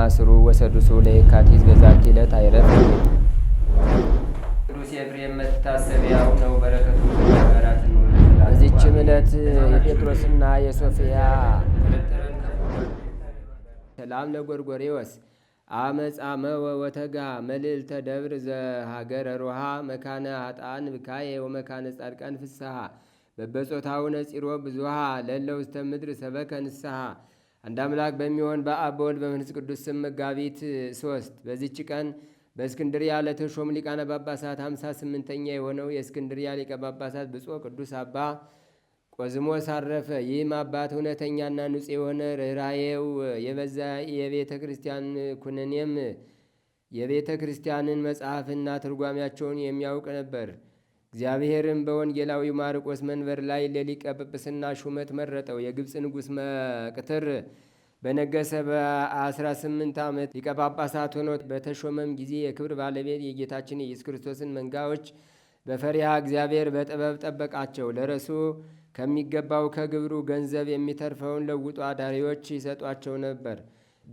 አማስሩ ወሰዱሱ ለየካቲት በዛቲ ዕለት አይረፍ። ቅዱስ ኤፍሬም መታሰቢያው ነው። በረከቱ ተባራት በዚችም ዕለት የጴጥሮስና የሶፊያ ሰላም ለጎርጎሬዎስ አመጻመ ወወተጋ መልዕልተ ደብር ዘሀገረ ሮሃ መካነ አጣን ብካየ ወመካነ ጻድቃን ፍስሐ በበጾታው ነጺሮ ብዙሃ ለለው ውስተ ምድር ሰበከ ንስሐ አንድ አምላክ በሚሆን በአብ በወልድ በመንፈስ ቅዱስ ስም መጋቢት ሶስት በዚች ቀን በእስክንድሪያ ለተሾሙ ሊቃነ ጳጳሳት ሃምሳ ስምንተኛ የሆነው የእስክንድሪያ ሊቀ ጳጳሳት ብፁዕ ቅዱስ አባ ቆዝሞስ አረፈ። ይህም አባት እውነተኛና ንጹሕ የሆነ ርኅራዬው የበዛ የቤተ ክርስቲያን ኩነኔም የቤተ ክርስቲያንን መጽሐፍና ትርጓሚያቸውን የሚያውቅ ነበር። እግዚአብሔርም በወንጌላዊ ማርቆስ መንበር ላይ ለሊቀ ጵጵስና ሹመት መረጠው። የግብፅ ንጉሥ መቅትር በነገሰ በ18 ዓመት ሊቀ ጳጳሳት ሆኖ በተሾመም ጊዜ የክብር ባለቤት የጌታችን የኢየሱስ ክርስቶስን መንጋዎች በፈሪሃ እግዚአብሔር በጥበብ ጠበቃቸው። ለረሱ ከሚገባው ከግብሩ ገንዘብ የሚተርፈውን ለውጡ አዳሪዎች ይሰጧቸው ነበር።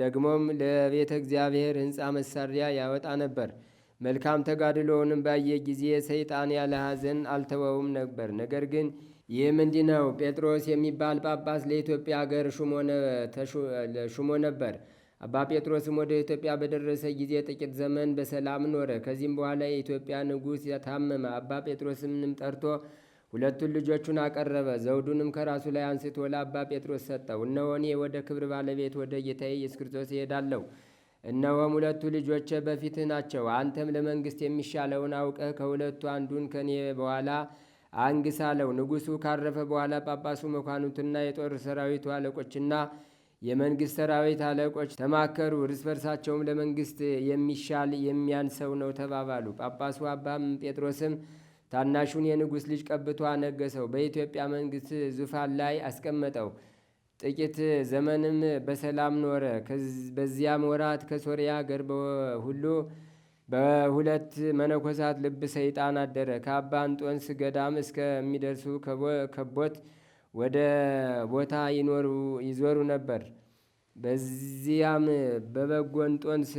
ደግሞም ለቤተ እግዚአብሔር ሕንፃ መሳሪያ ያወጣ ነበር። መልካም ተጋድሎውንም ባየ ጊዜ ሰይጣን ያለ ሐዘን አልተወውም ነበር። ነገር ግን ይህ ምንድ ነው? ጴጥሮስ የሚባል ጳጳስ ለኢትዮጵያ አገር ሹሞ ነበር። አባ ጴጥሮስም ወደ ኢትዮጵያ በደረሰ ጊዜ ጥቂት ዘመን በሰላም ኖረ። ከዚህም በኋላ የኢትዮጵያ ንጉሥ ታመመ። አባ ጴጥሮስንም ጠርቶ ሁለቱን ልጆቹን አቀረበ። ዘውዱንም ከራሱ ላይ አንስቶ ለአባ ጴጥሮስ ሰጠው። እነሆ እኔ ወደ ክብር ባለቤት ወደ ጌታዬ ኢየሱስ ክርስቶስ እሄዳለሁ እነሆም ሁለቱ ልጆቼ በፊትህ ናቸው። አንተም ለመንግሥት የሚሻለውን አውቀህ ከሁለቱ አንዱን ከኔ በኋላ አንግሳለው። ንጉሡ ካረፈ በኋላ ጳጳሱ፣ መኳንንቱና የጦር ሰራዊቱ አለቆችና የመንግሥት ሰራዊት አለቆች ተማከሩ። እርስ በርሳቸውም ለመንግሥት የሚሻል የሚያንሰው ነው ተባባሉ። ጳጳሱ አባ ጴጥሮስም ታናሹን የንጉሥ ልጅ ቀብቶ አነገሰው። በኢትዮጵያ መንግሥት ዙፋን ላይ አስቀመጠው። ጥቂት ዘመንም በሰላም ኖረ። በዚያም ወራት ከሶርያ አገር ሁሉ በሁለት መነኮሳት ልብ ሰይጣን አደረ። ከአባ እንጦንስ ገዳም እስከሚደርሱ ከቦት ወደ ቦታ ይዞሩ ነበር። በዚያም በበጎ እንጦንስ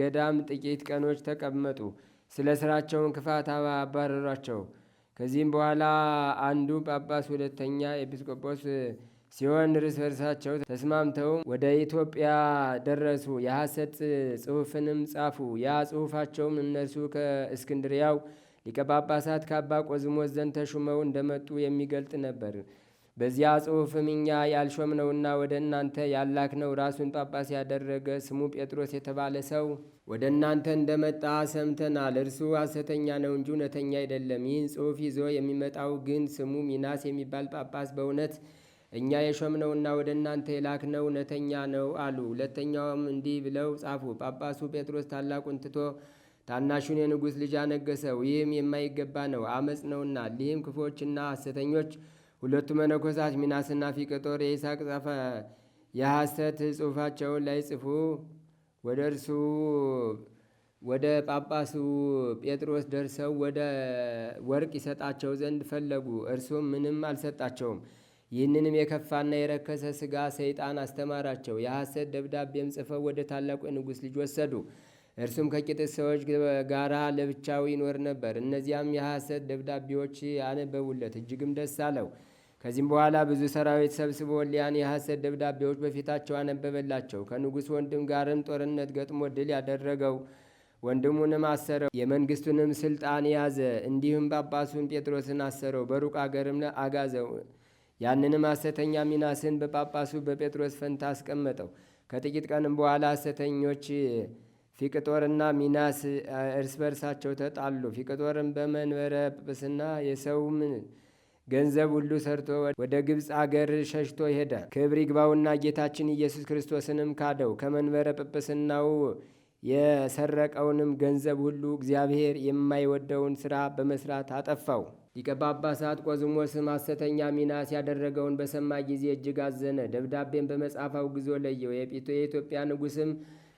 ገዳም ጥቂት ቀኖች ተቀመጡ። ስለ ስራቸውን ክፋት አባረሯቸው። ከዚህም በኋላ አንዱ ጳጳስ፣ ሁለተኛ ኤጲስቆጶስ ሲሆን እርስ በርሳቸው ተስማምተው ወደ ኢትዮጵያ ደረሱ። የሐሰት ጽሑፍንም ጻፉ። ያ ጽሑፋቸውም እነሱ ከእስክንድሪያው ሊቀ ጳጳሳት ከአባ ቆዝሞስ ዘንድ ተሹመው እንደመጡ የሚገልጥ ነበር። በዚያ ጽሑፍም እኛ ያልሾምነውና ወደ እናንተ ያላክነው ራሱን ጳጳስ ያደረገ ስሙ ጴጥሮስ የተባለ ሰው ወደ እናንተ እንደመጣ ሰምተናል። እርሱ ሐሰተኛ ነው እንጂ እውነተኛ አይደለም። ይህን ጽሑፍ ይዞ የሚመጣው ግን ስሙ ሚናስ የሚባል ጳጳስ በእውነት እኛ የሾምነውና ወደ እናንተ የላክነው እውነተኛ ነው አሉ። ሁለተኛውም እንዲህ ብለው ጻፉ፣ ጳጳሱ ጴጥሮስ ታላቁን ትቶ ታናሹን የንጉሥ ልጅ አነገሰው። ይህም የማይገባ ነው፣ አመፅ ነውና። ሊህም ክፎችና ሐሰተኞች ሁለቱ መነኮሳት ሚናስና ፊቅጦር የይስቅ ጻፈ የሐሰት ጽሑፋቸውን ላይ ጽፉ ወደ እርሱ ወደ ጳጳሱ ጴጥሮስ ደርሰው ወደ ወርቅ ይሰጣቸው ዘንድ ፈለጉ። እርሱም ምንም አልሰጣቸውም። ይህንንም የከፋና የረከሰ ስጋ ሰይጣን አስተማራቸው። የሐሰት ደብዳቤም ጽፈው ወደ ታላቁ ንጉሥ ልጅ ወሰዱ። እርሱም ከቂጥስ ሰዎች ጋራ ለብቻው ይኖር ነበር። እነዚያም የሐሰት ደብዳቤዎች ያነበቡለት፣ እጅግም ደስ አለው። ከዚህም በኋላ ብዙ ሰራዊት ሰብስቦ ሊያን የሐሰት ደብዳቤዎች በፊታቸው አነበበላቸው። ከንጉሥ ወንድም ጋርም ጦርነት ገጥሞ ድል ያደረገው ወንድሙንም አሰረው፣ የመንግስቱንም ስልጣን ያዘ። እንዲሁም ጳጳሱን ጴጥሮስን አሰረው፣ በሩቅ አገርም አጋዘው። ያንንም ሐሰተኛ ሚናስን በጳጳሱ በጴጥሮስ ፈንታ አስቀመጠው። ከጥቂት ቀንም በኋላ ሐሰተኞች ፊቅጦርና ሚናስ እርስ በርሳቸው ተጣሉ። ፊቅጦርም በመንበረ ጵጵስና የሰውም ገንዘብ ሁሉ ሰርቶ ወደ ግብፅ አገር ሸሽቶ ሄደ። ክብር ይግባውና ጌታችን ኢየሱስ ክርስቶስንም ካደው። ከመንበረ ጵጵስናው የሰረቀውንም ገንዘብ ሁሉ እግዚአብሔር የማይወደውን ሥራ በመስራት አጠፋው። ሊቀ ጳጳሳት ቆዝሞስም ሐሰተኛ ሚናስ ያደረገውን በሰማ ጊዜ እጅግ አዘነ። ደብዳቤን በመጻፍ አውግዞ ለየው። የኢትዮጵያ ንጉሥም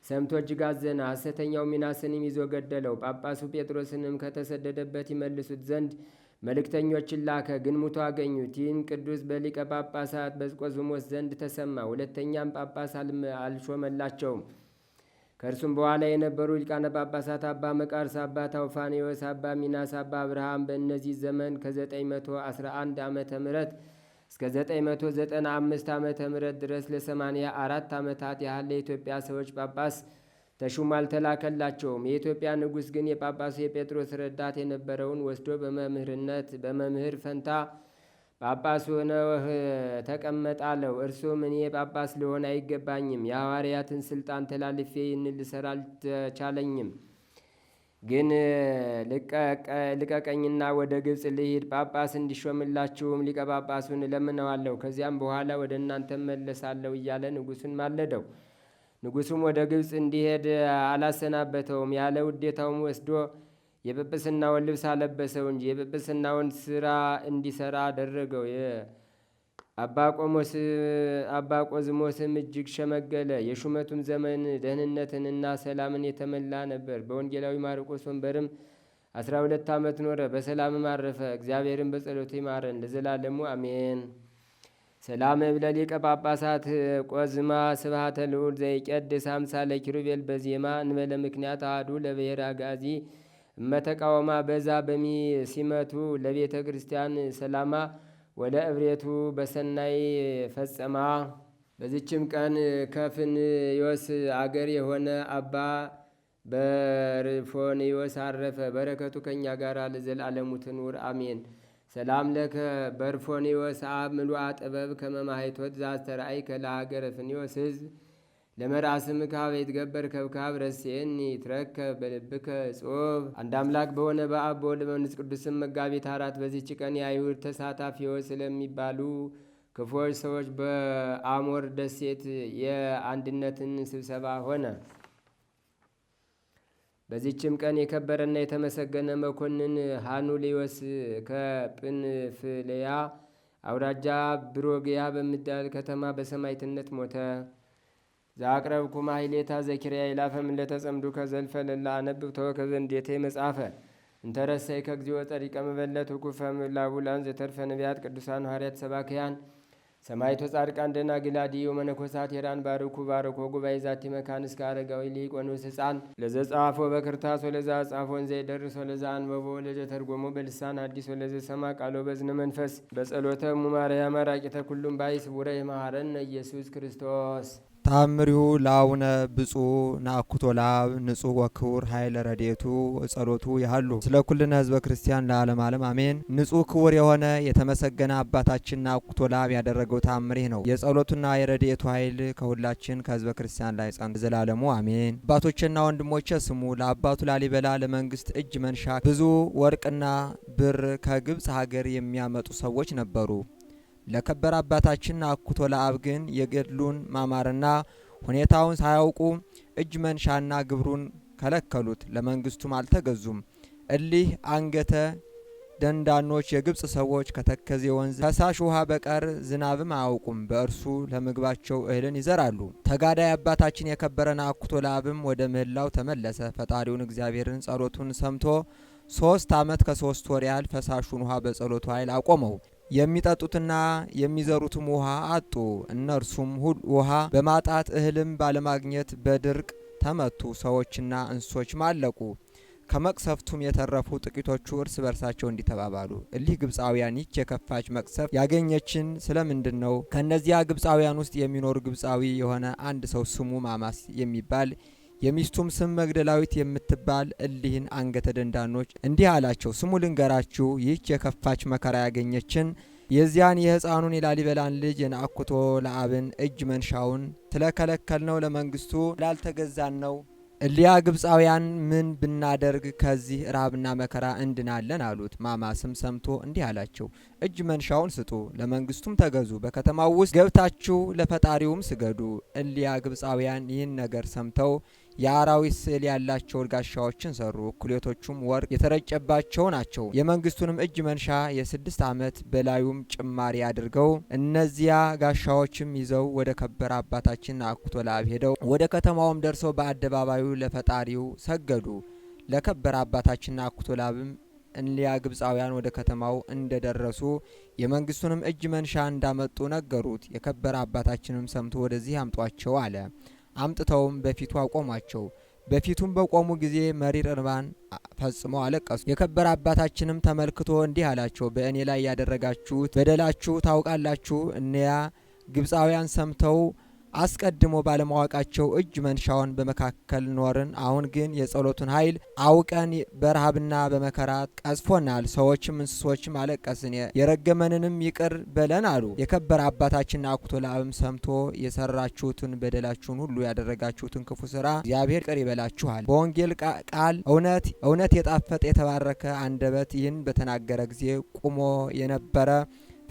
ሰምቶ እጅግ አዘነ። ሐሰተኛው ሚናስንም ይዞ ገደለው። ጳጳሱ ጴጥሮስንም ከተሰደደበት ይመልሱት ዘንድ መልእክተኞችን ላከ፣ ግን ሙቶ አገኙት። ይህም ቅዱስ በሊቀ ጳጳሳት በቆዝሞስ ዘንድ ተሰማ። ሁለተኛም ጳጳስ አልሾመላቸውም። ከእርሱም በኋላ የነበሩ ሊቃነ ጳጳሳት አባ መቃርስ፣ አባ ታውፋኔዎስ፣ አባ ሚናስ፣ አባ አብርሃም በእነዚህ ዘመን ከ911 ዓመተ ምህረት እስከ 995 ዓመተ ምህረት ድረስ ለ አራት ዓመታት ያህል ለኢትዮጵያ ሰዎች ጳጳስ ተሹም አልተላከላቸውም። የኢትዮጵያ ንጉሥ ግን የጳጳሱ የጴጥሮስ ረዳት የነበረውን ወስዶ በመምህርነት በመምህር ፈንታ ጳጳስ ሆነህ ተቀመጥ አለው። እርሱም እኔ ጳጳስ ልሆን አይገባኝም፣ የሐዋርያትን ስልጣን ተላልፌ ይህን ልሰራ አልተቻለኝም። ግን ልቀቀኝና ወደ ግብፅ ልሂድ፣ ጳጳስ እንዲሾምላችሁም ሊቀ ጳጳሱን እለምነዋለሁ። ከዚያም በኋላ ወደ እናንተ መለሳለሁ እያለ ንጉሱን ማለደው። ንጉሱም ወደ ግብፅ እንዲሄድ አላሰናበተውም፣ ያለ ውዴታውም ወስዶ የጵጵስናውን ልብስ አለበሰው እንጂ የጵጵስናውን ስራ እንዲሰራ አደረገው። አባ ቆዝሞስም እጅግ ሸመገለ። የሹመቱም ዘመን ደህንነትንና ሰላምን የተመላ ነበር። በወንጌላዊ ማርቆስ ወንበርም አስራ ሁለት ዓመት ኖረ፣ በሰላምም አረፈ። እግዚአብሔርን በጸሎቱ ይማረን ለዘላለሙ አሜን። ሰላም ብለሊቀ ጳጳሳት ቆዝማ ስብሐተ ልዑል ዘይቀድስ አምሳለ ኪሩቤል በዜማ እንበለ ምክንያት አዱ ለብሔር አጋዚ እመተቃወማ በዛ በሚ ሲመቱ ለቤተ ክርስቲያን ሰላማ ወደ እብሬቱ በሰናይ ፈጸማ። በዚችም ቀን ከፍንዮስ አገር የሆነ አባ በርፎንዮስ አረፈ። በረከቱ ከእኛ ጋር ለዘላለሙ ትኑር አሜን። ሰላም ለከ በርፎንዮስ አብ ምሉአ ጥበብ ከመማሃይቶት ዛስተራእይ ከለሀገረ ፍንዮስ ህዝብ ለመራስም ካብ የትገበር ከብካብ ረሴኒ ትረከብ በልብከ ጾብ አንድ አምላክ በሆነ በአብ በወልድ በመንፈስ ቅዱስም መጋቢት አራት በዚች ቀን የአይሁድ ተሳታፊዎች ስለሚባሉ ክፎች ሰዎች በአሞር ደሴት የአንድነትን ስብሰባ ሆነ። በዚችም ቀን የከበረና የተመሰገነ መኮንን ሃኑሌዎስ ከጵንፍልያ አውራጃ ብሮግያ በምዳል ከተማ በሰማይትነት ሞተ። ዘአቅረብኩ ማሕሌታ ዘኪርያ ይላፈም እንደተጸምዱ ከዘልፈ ልላ አነብብ ተወከዘ እንዴቴ መጻፈ እንተረሰይ ከግዚኦ ጸሪቀ መበለት ኩፈም ላቡላን ዘተርፈ ነቢያት ቅዱሳን ሐዋርያት ሰባክያን ሰማይቶ ጻድቃን ደና አድዩ መነኮሳት የራን ባርኩ ባርኮ ጉባኤ ዛቲ መካን እስከ አረጋዊ ሊቅ ወንውስ ህፃን ለዘ ጻፎ በክርታስ ወለዛ ጻፎ ወንዘ የደርስ ወለዛ አንበቦ ወለዘ ተርጎሞ በልሳን አዲስ ወለዘ ሰማ ቃሎ በዝነ መንፈስ በጸሎተ ሙማርያ መራቂተ ኩሉም ባይስ ቡረ የመሃረን ኢየሱስ ክርስቶስ ታምሪሁ ለአቡነ ብፁ ናአኩቶ ለአብ ንጹሕ ወክቡር ኃይለ ረድኤቱ ጸሎቱ ያህሉ ስለ ኩልነ ህዝበ ክርስቲያን ለዓለም ዓለም አሜን። ንጹህ ክቡር የሆነ የተመሰገነ አባታችን ናአኩቶ ለአብ ያደረገው ታምሪህ ነው። የጸሎቱና የረድኤቱ ኃይል ከሁላችን ከህዝበ ክርስቲያን ላይ ጸን ዘላለሙ አሜን። አባቶችና ወንድሞቼ ስሙ። ለአባቱ ላሊበላ ለመንግስት እጅ መንሻ ብዙ ወርቅና ብር ከግብፅ ሀገር የሚያመጡ ሰዎች ነበሩ። ለከበረ አባታችን አኩቶ ለአብ ግን የገድሉን ማማርና ሁኔታውን ሳያውቁ እጅ መንሻና ግብሩን ከለከሉት፣ ለመንግስቱም አልተገዙም። እሊህ አንገተ ደንዳኖች የግብፅ ሰዎች ከተከዜ ወንዝ ፈሳሽ ውሃ በቀር ዝናብም አያውቁም። በእርሱ ለምግባቸው እህልን ይዘራሉ። ተጋዳይ አባታችን የከበረ ናኩቶ ለአብም ወደ ምህላው ተመለሰ። ፈጣሪውን እግዚአብሔርን ጸሎቱን ሰምቶ ሶስት ዓመት ከሶስት ወር ያህል ፈሳሹን ውሃ በጸሎቱ ኃይል አቆመው። የሚጠጡትና የሚዘሩትም ውሃ አጡ። እነርሱም ሁሉ ውሃ በማጣት እህልም ባለማግኘት በድርቅ ተመቱ። ሰዎችና እንስሶች ማለቁ። ከመቅሰፍቱም የተረፉ ጥቂቶቹ እርስ በርሳቸው እንዲተባባሉ እሊህ ግብፃውያን ይች የከፋች መቅሰፍት ያገኘችን ስለምንድን ነው? ከእነዚያ ግብፃውያን ውስጥ የሚኖር ግብፃዊ የሆነ አንድ ሰው ስሙ ማማስ የሚባል የሚስቱም ስም መግደላዊት የምትባል እሊህን አንገተ ደንዳኖች እንዲህ አላቸው፣ ስሙ ልንገራችሁ፣ ይህች የከፋች መከራ ያገኘችን የዚያን የሕፃኑን የላሊበላን ልጅ የናአኩቶ ለአብን እጅ መንሻውን ስለከለከልነው ለመንግስቱ ላልተገዛን ነው። እሊያ ግብፃውያን ምን ብናደርግ ከዚህ ራብና መከራ እንድናለን አሉት። ማማስም ሰምቶ እንዲህ አላቸው፣ እጅ መንሻውን ስጡ፣ ለመንግስቱም ተገዙ፣ በከተማው ውስጥ ገብታችሁ ለፈጣሪውም ስገዱ። እሊያ ግብፃውያን ይህን ነገር ሰምተው የአራዊት ስዕል ያላቸውን ጋሻዎችን ሰሩ። እኩሌቶቹም ወርቅ የተረጨባቸው ናቸው። የመንግስቱንም እጅ መንሻ የስድስት ዓመት በላዩም ጭማሪ አድርገው እነዚያ ጋሻዎችም ይዘው ወደ ከበረ አባታችን አኩቶ ለአብ ሄደው ወደ ከተማውም ደርሰው በአደባባዩ ለፈጣሪው ሰገዱ። ለከበረ አባታችን አኩቶ ለአብም እንሊያ ግብፃውያን ወደ ከተማው እንደደረሱ የመንግስቱንም እጅ መንሻ እንዳመጡ ነገሩት። የከበረ አባታችንም ሰምቶ ወደዚህ አምጧቸው አለ። አምጥተውም በፊቱ አቆሟቸው። በፊቱም በቆሙ ጊዜ መሪር እንባን ፈጽመው አለቀሱ። የከበረ አባታችንም ተመልክቶ እንዲህ አላቸው፣ በእኔ ላይ ያደረጋችሁት በደላችሁ ታውቃላችሁ። እኒያ ግብፃውያን ሰምተው አስቀድሞ ባለማወቃቸው እጅ መንሻውን በመካከል ኖርን። አሁን ግን የጸሎቱን ኃይል አውቀን በረሃብና በመከራ ቀዝፎናል። ሰዎችም እንስሶችም አለቀስን፣ የረገመንንም ይቅር በለን አሉ። የከበረ አባታችን አኩቶ ለአብም ሰምቶ የሰራችሁትን በደላችሁን ሁሉ ያደረጋችሁትን ክፉ ስራ እግዚአብሔር ይቅር ይበላችኋል። በወንጌል ቃል እውነት እውነት የጣፈጠ የተባረከ አንደበት ይህን በተናገረ ጊዜ ቁሞ የነበረ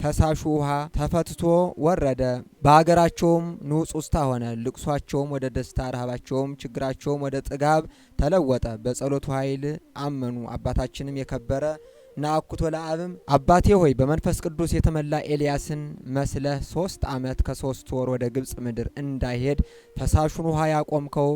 ፈሳሹ ውሃ ተፈትቶ ወረደ። በአገራቸውም ንዑስ ውስታ ሆነ። ልቅሷቸውም ወደ ደስታ፣ ረሃባቸውም ችግራቸውም ወደ ጥጋብ ተለወጠ። በጸሎቱ ኃይል አመኑ። አባታችንም የከበረ ናአኩቶ ለአብም አባቴ ሆይ በመንፈስ ቅዱስ የተመላ ኤልያስን መስለህ ሶስት ዓመት ከሶስት ወር ወደ ግብፅ ምድር እንዳይሄድ ፈሳሹን ውሃ ያቆምከው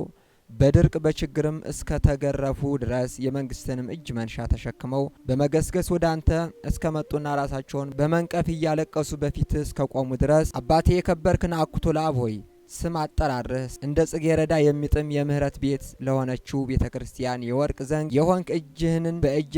በድርቅ በችግርም እስከ ተገረፉ ድረስ የመንግስትንም እጅ መንሻ ተሸክመው በመገስገስ ወደ አንተ እስከ መጡና ራሳቸውን በመንቀፍ እያለቀሱ በፊት እስከ ቆሙ ድረስ አባቴ የከበርክን አኩቶ ለአብ ሆይ ስም አጠራርህ እንደ ጽጌረዳ የሚጥም የምህረት ቤት ለሆነችው ቤተ ክርስቲያን የወርቅ ዘንግ የሆንክ እጅህንን በእጀ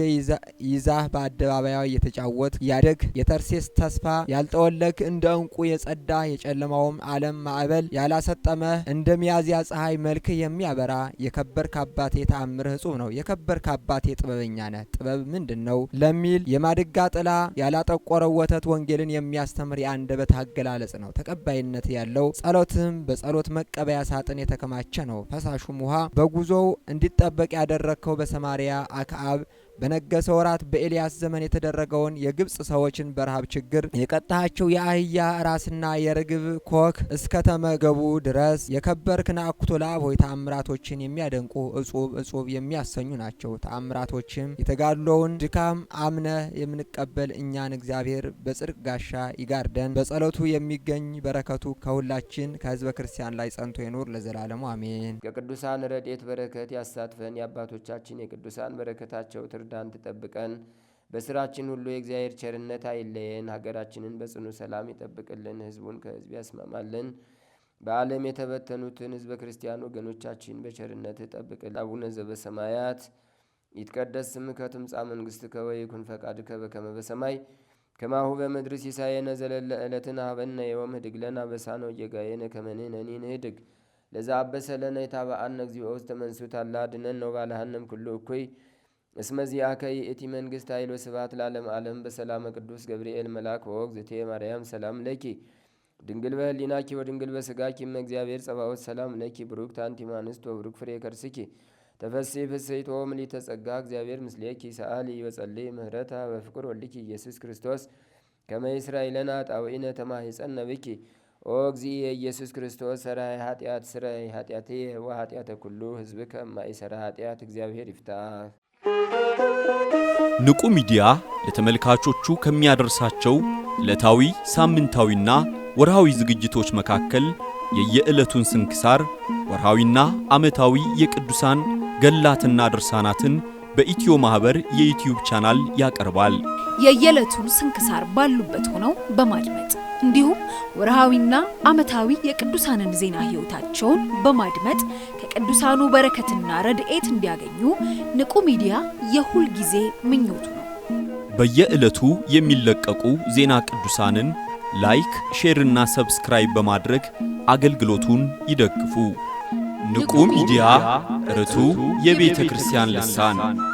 ይዛህ በአደባባያ የተጫወት ያደግ የተርሴስ ተስፋ ያልጠወለክ እንደ እንቁ የጸዳ የጨለማውም ዓለም ማዕበል ያላሰጠመህ እንደ ሚያዝያ ፀሐይ መልክህ የሚያበራ የከበርክ አባቴ ተአምርህ እጹብ ነው። የከበርክ አባቴ ጥበበኛ ነህ። ጥበብ ምንድን ነው ለሚል የማድጋ ጥላ ያላጠቆረው ወተት ወንጌልን የሚያስተምር የአንደበት አገላለጽ ነው። ተቀባይነት ያለው ጸሎትህም በጸሎት መቀበያ ሳጥን የተከማቸ ነው። ፈሳሹም ውሃ በጉዞው እንዲጠበቅ ያደረግከው በሰማሪያ አክአብ በነገሰ ወራት በኤልያስ ዘመን የተደረገውን የግብፅ ሰዎችን በረሃብ ችግር የቀጣሃቸው የአህያ ራስና የርግብ ኮክ እስከተመገቡ ድረስ የከበርክ ናኩቶ ለአብ ሆይ ተአምራቶችን የሚያደንቁ እጹብ እጹብ የሚያሰኙ ናቸው። ተአምራቶችም የተጋድሎውን ድካም አምነ የምንቀበል እኛን እግዚአብሔር በጽድቅ ጋሻ ይጋርደን። በጸሎቱ የሚገኝ በረከቱ ከሁላችን ከህዝበ ክርስቲያን ላይ ጸንቶ ይኑር ለዘላለሙ አሜን። ከቅዱሳን ረድኤት በረከት ያሳትፈን። የአባቶቻችን የቅዱሳን በረከታቸው ትርድ አንተ ጠብቀን። በስራችን ሁሉ የእግዚአብሔር ቸርነት አይለየን። ሀገራችንን በጽኑ ሰላም ይጠብቅልን። ህዝቡን ከህዝብ ያስማማልን። በዓለም የተበተኑትን ህዝበ ክርስቲያን ወገኖቻችን በቸርነት ጠብቅልን። አቡነ ዘበሰማያት ይትቀደስ ስምከ ትምጻእ መንግሥትከ ወይኩን ፈቃድከ በከመ በሰማይ ከማሁ በምድር ሲሳየነ ዘለለ ዕለትነ ሀበነ ዮም ህድግ ለነ አበሳነ ወጌጋየነ ከመ ንሕነኒ ንህድግ ለዘ አበሰ ለነ ኢታብአነ እግዚኦ ውስተ መንሱት አላ አድኅነነ ወባልሐነ እምኩሉ እኩይ እስመ ዚአከ እቲ መንግስት ኃይሎ ወስብሐት ለዓለም ዓለም በሰላም ቅዱስ ገብርኤል መልአክ ወወግ ዝቴ ማርያም ሰላም ለኪ ድንግል በህሊናኪ ወድንግል በስጋኪ እመ እግዚአብሔር ጸባዖት ሰላም ለኪ ብሩክ አንቲ እምአንስት ወብሩክ ፍሬ ከርስኪ ተፈሲ ፍስሕቶ ምሊ ተጸጋ እግዚአብሔር ምስሌኪ ሰአሊ ወጸልይ ምህረታ በፍቅር ወልኪ ኢየሱስ ክርስቶስ ከመ እስራኤልና ጣውኢነ ኃጣውኢነ ተማሂፀነ ብኪ ኦ እግዚእየ ኢየሱስ ክርስቶስ ሠራይ ኃጢአት ሥረይ ኃጢአትየ ወኃጢአተ ኩሉ ከማይ ሰራ ኃጢአት እግዚአብሔር ይፍታ ንቁ ሚዲያ ለተመልካቾቹ ከሚያደርሳቸው ዕለታዊ ሳምንታዊና ወርሃዊ ዝግጅቶች መካከል የየዕለቱን ስንክሳር ወርሃዊና ዓመታዊ የቅዱሳን ገላትና ድርሳናትን በኢትዮ ማህበር የዩትዩብ ቻናል ያቀርባል። የየዕለቱን ስንክሳር ባሉበት ሆነው በማድመጥ እንዲሁም ወርሃዊና ዓመታዊ የቅዱሳንን ዜና ሕይወታቸውን በማድመጥ ከቅዱሳኑ በረከትና ረድኤት እንዲያገኙ ንቁ ሚዲያ የሁል ጊዜ ምኞቱ ነው። በየዕለቱ የሚለቀቁ ዜና ቅዱሳንን ላይክ፣ ሼርና ሰብስክራይብ በማድረግ አገልግሎቱን ይደግፉ። ንቁ ሚዲያ ርቱ የቤተ ክርስቲያን ልሳን